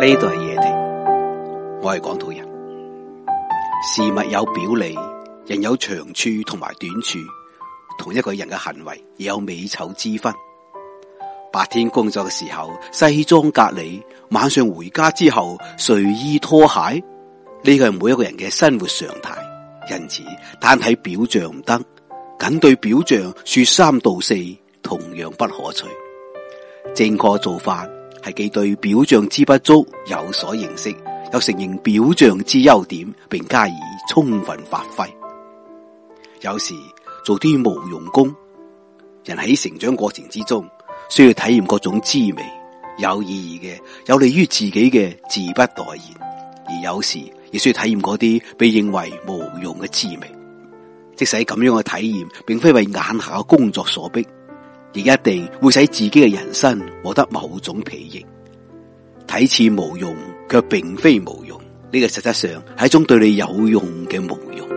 呢度係野庭，我係廣土人。事物有表裏，人有長處同埋短處，同一個人嘅行為也有美醜之分。白天工作嘅時候西裝革履，晚上回家之後睡衣拖鞋，呢個係每一個人嘅生活常態。因此，單睇表象唔得，僅對表象說三道四同樣不可取。正確做法，係既對表象之不足有所認識，又承認表象之優點，並加以充分發揮。有時做啲無用功，人喺成長過程之中，需要體驗各種滋味，有意義嘅，有利於自己嘅自不待言；而有時亦需要體驗嗰啲被認為無用嘅滋味，即使咁樣嘅體驗，並非為眼下嘅工作所迫。而一定會使自己嘅人生獲得某種裨益。睇似無用，卻並非無用。呢個實質上係一種對你有用嘅無用。